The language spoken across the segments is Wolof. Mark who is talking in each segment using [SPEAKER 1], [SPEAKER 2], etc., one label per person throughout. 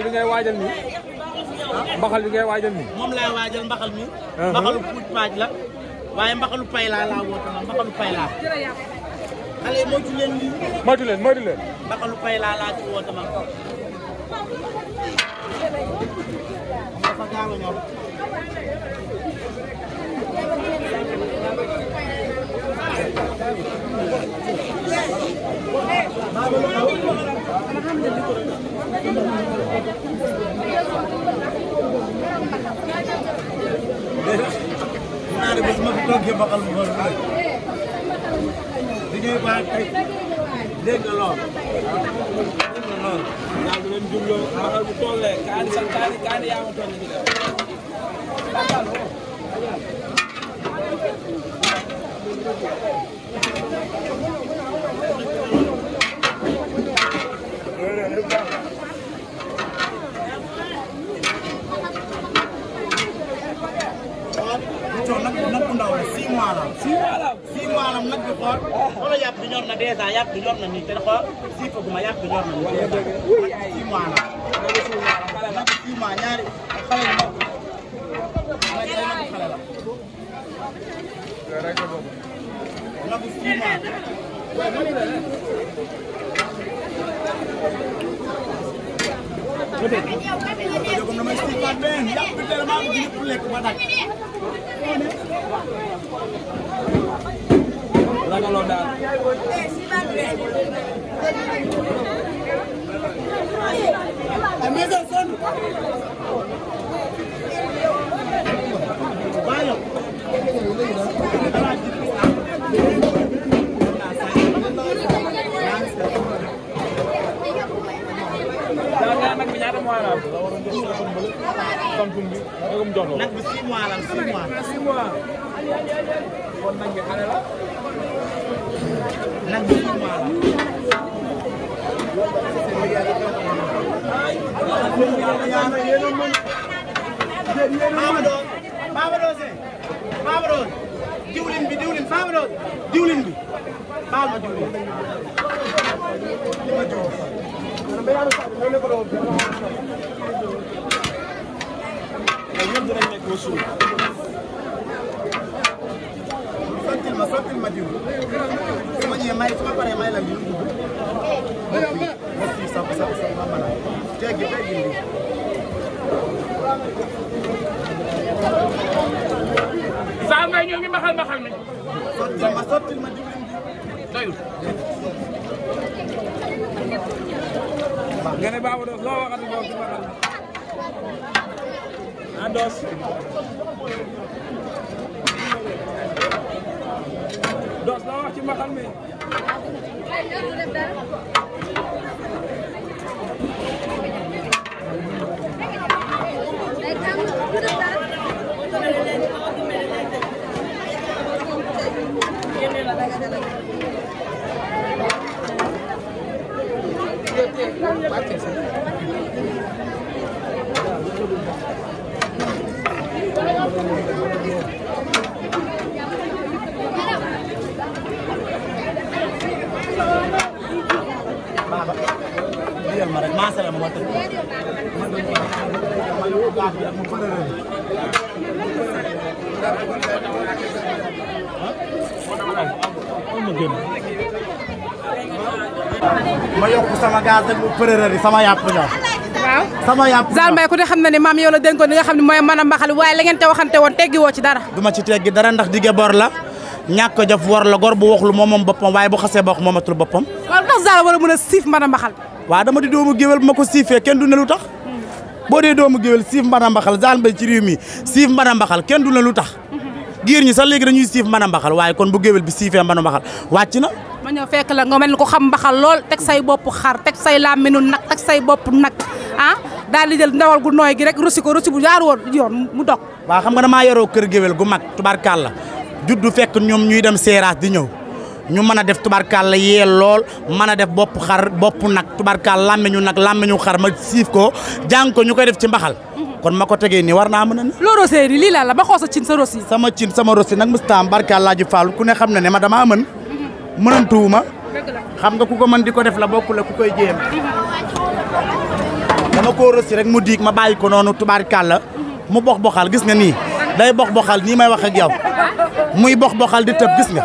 [SPEAKER 1] mbaxal bi ngay waajal nii. mbaxal bi ngay waajal nii.
[SPEAKER 2] moom laay waajal mbaxal mi.
[SPEAKER 1] Uh-huh. mbaxalu
[SPEAKER 2] puuj paaj la. waaye mbaxalu pay pay laa. xale yi moytu leen pay laa laa ci bëggee baxal mu xool rek
[SPEAKER 1] liggéey baa tey dégg nga lool dégg nga lool. yaa ngi leen jubloo baxal bu tollee kaani sax kaani kaani yaa ma toll nii Thank
[SPEAKER 2] you. xool wala yàpp bi ñor na dèjà yàpp bi ñor na nii te xool sii foog ma yàpp bi ñor na nii dèjà man six mois la. xale la six mois ñaari xale yu mag la ñaari nagu xale la. nagu six mois. bu dee. yow comme damay sii fan benn yàpp bi tellement bu ñëpp lekk ba daj. ragaloo daal. nag bi eh, six mois la six mois six mois
[SPEAKER 1] kon nag bi xale la Baba Dose
[SPEAKER 2] Baba Dose Baba Dose diwlin bi diwlin Baba Dose diwlin bi baal ma diwlin ñëpp dinañ nekk suuf sotti ma sotti ma jiw su ma ñëwee may su ma paree may la ñu dugg mbokk yi sax sax sax ma mën a jéggi jéggi lii.
[SPEAKER 1] saa ngay ñoo ngi maxal maxal mi. sotti ma sotti ma jiw leen jiw. doyul. nga ne Babou Doss loo waxati loo ci maxal ah Doss. dos la wax ci mbaxal mi
[SPEAKER 2] Thank you. digal ma rek maa salaam moo tëj ma yokk sama gaz ak përërëri sama yàpp la waaw sama yàpp Zale Mbaye
[SPEAKER 1] ku ne xam na ne maam yow la dénkoon li nga xam ne mooy mën a mbaxal waaye la ngeen te waxante woon teggi woo ci dara
[SPEAKER 2] duma ci teggi dara ndax dige bor la ñàkk a jëf war la gor bu waxlu moom moom boppam waaye bu xasee ba wax moomatul boppam tax Zale war a mën a siif mbana mbaxal waa dama di doomu géwél bu ma ko siifee kenn du ne lu tax boo dee doomu géwél siif mbana mbaxal Zale Mbaye ci réew mi siif mbana mbaxal kenn du ne lu tax giir ñi sax léegi dañuy siif mbana mbaxal waaye kon bu géwél bi siifee mbana mbaxal wàcc na
[SPEAKER 1] ma ñëw fekk la nga mel ni ko xam mbaxal
[SPEAKER 2] lool teg say bopp xar
[SPEAKER 1] teg say làmminu nag teg say bopp nag ah daal di jël ndawal gu
[SPEAKER 2] nooy gi rek rusi ko rusi bu jaar woon yoon mu dog waa xam nga damaa yoroo kër géwél gu mag tubaarkàlla juddu fekk ñoom ñuy dem seeraas di ñëw ñu mën a def tubarkaal la yee lool mën a def bopp xar bopp nag tubarkaal làmmeñu nag làmmeñu xar ma siif ko jàng ko ñu koy def ci mbaxal mhm. kon ma ko tegee nii war naa mën a ne loo rosé yi lii laa la ba xoo sa cin sa rosi sama cin sama rosi nag mustaam barkaal laa ji faalu ku ne xam na ne ma damaa mën mhm. mënantuwuma xam nga ku ko mën di ko def la bokku la ku koy jéem mhm. dama koo rosi rek mu diig ma bàyyi ko noonu tubarkaal la mu box boxal gis nga nii day box boxal nii may wax ak yow muy box boxal di gis nga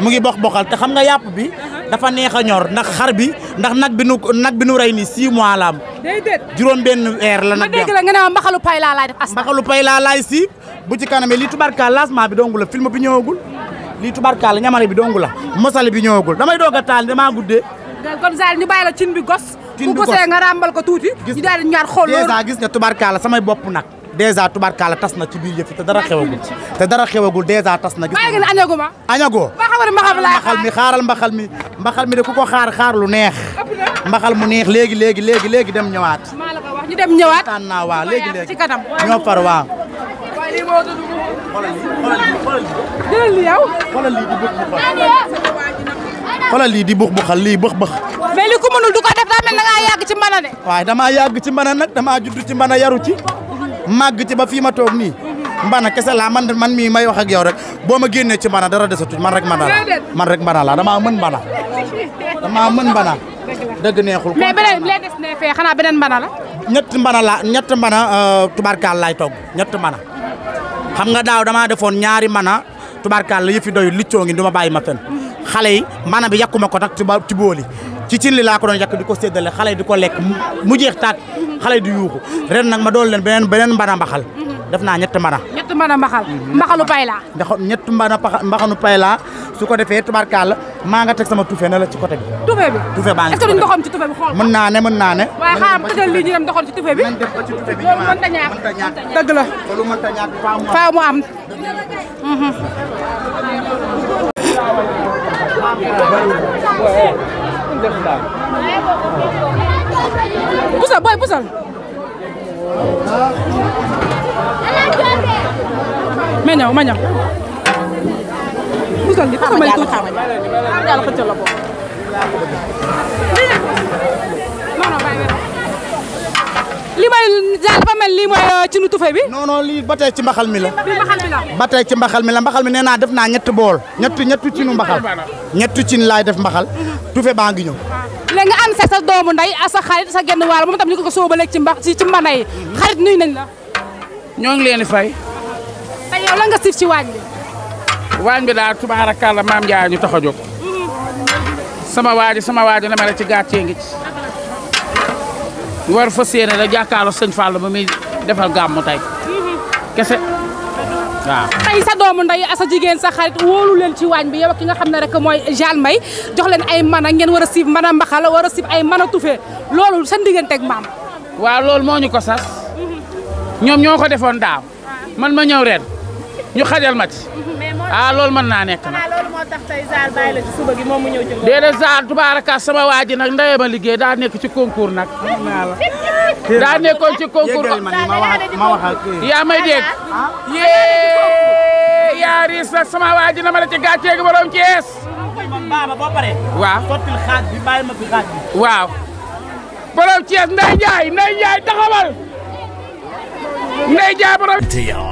[SPEAKER 2] mu ngi box boxal te xam nga yàpp bi dafa neex a ñor ndax xar bi ndax nag bi nu nag bi nu rey nii 6 mois la am. déedéet juróom benn weer la nag. ma dégg nga ne mbaxalu pay laa laay def as. mbaxalu pay laa laay si bu ci kanamee lii tubarkaal lancement bi dongu la film bi ñëwagul lii tubarkaal ñamale bi dongu la bi ñëwagul damay doog a taal damaa guddee. kon Zal ñu bàyyi la cin bi gos. cin bi ko tuuti. gis ñu ñaar xool loolu dèjà gis nga tubarkaal sama bopp nag. dèjà tubarkaal tas na ci biir yëf te dara xewagul te dara xewagul dèjà tas na. gis nga bàyyi ngeen añaguma xamal mbaxal mi xaaral mbaxal mi mbaxal mi de ku ko xaar xaar lu neex. mbaxal mu neex léegi léegi léegi léegi dem ñëwaat.
[SPEAKER 1] maa dem ñëwaat. naa waa léegi léegi ñoo far waaw.
[SPEAKER 2] xoolal lii lii di bëx bu xal. lii di bëx bu
[SPEAKER 1] xal du ko def daa mel da ci mbana de.
[SPEAKER 2] waaye damaa yàgg ci mbana nag damaa judd ci mbana yaru ci màgg ci ba fii ma toog nii mbana kese laa man man mii may wax ak yow rek boo ma génnee ci mbana dara desatut man rek mbana la man rek mbana la damaa mën mbana damaa mën mbana dëgg neexul mais
[SPEAKER 1] beneen ne fee xanaa beneen mbana la
[SPEAKER 2] ñett mbana la ñett mbana euh, tubarkaal laay toog ñett mbana xam nga daaw damaa defoon ñaari mbana tubarkaal la yëfi doyu liccoo ngi du ma bàyyi ma fen xale yi mbana bi ma ko nag ci booli ci ci li laa ko doon yàq di ko séddale xale yi di ko lekk mu jeex taat xale yi di yuuxu ren nag ma dool leen beneen beneen mbana mbaxal def naa ñett mbana.
[SPEAKER 1] ñett mbana mbaxal. Mm-hmm. mbaxalu
[SPEAKER 2] pay laa. ndax ñett mbana mbaxanu pay su ko defee tubarkaal maa nga teg sama tufe ne la ci côté bi. tufe bi tufe baa ngi ci côté bi
[SPEAKER 1] est ce que mën naa ne mën naa ne. waaye xaaral tëjal lii ñu dem meññaw meññaw. musal may
[SPEAKER 2] daal dafa mel lii mooy euh, ci nu tufe bi. non non lii ci mbaxal mi la. ba ci mbaxal mi la mbaxal mi nee naa def naa ñett bool. ñett ñett cinu mbaxal. ñett cin laay def mbaxal. tufe baa ngi ñëw.
[SPEAKER 1] léegi nga ànd sa sa doomu nday ak sa xarit sa genn waal moom tam ñu ko ko ci mbax ci ci mbanay xarit nuyu nañ la. ñoo fay. tey yow la nga sif ci waañ bi. waañ bi daal ñu tax a sama waaji sama waaji na ma la ci gàccee ngi ci. war fa séene da jàkkaarloo sëñ Fall ba muy defal gàmmu tey. kese waaw. tey sa doomu nday asa jigéen sa xarit wóolu ci waañ bi yow ki nga xam ne rek mooy Jeanne May jox leen ay man a ngeen war a siif mën a mbaxal war a siif ay mën a tufe loolu seen digganteeg maam. waa lool moo ñu ko sas. ñoom ñoo ko defoon daaw man ma ñëw ren. ñu xajal ma ci. ah loolu mën naa nekk nag. loolu moo tax tey Zale bàyyi la ci suba gi sama waa ji nag liggéey daa nekk ci concours nag.
[SPEAKER 2] daa nekkoon ci concours
[SPEAKER 1] ba ma wax ak yaa may dégg.
[SPEAKER 2] yee yaa riis
[SPEAKER 1] nag sama waa na ma la ci gàccee gi borom Cees. waaw sottil xaaj bi bàyyi ma fi xaaj bi. waaw. borom Cees Ndeye Ndiaye
[SPEAKER 2] Ndeye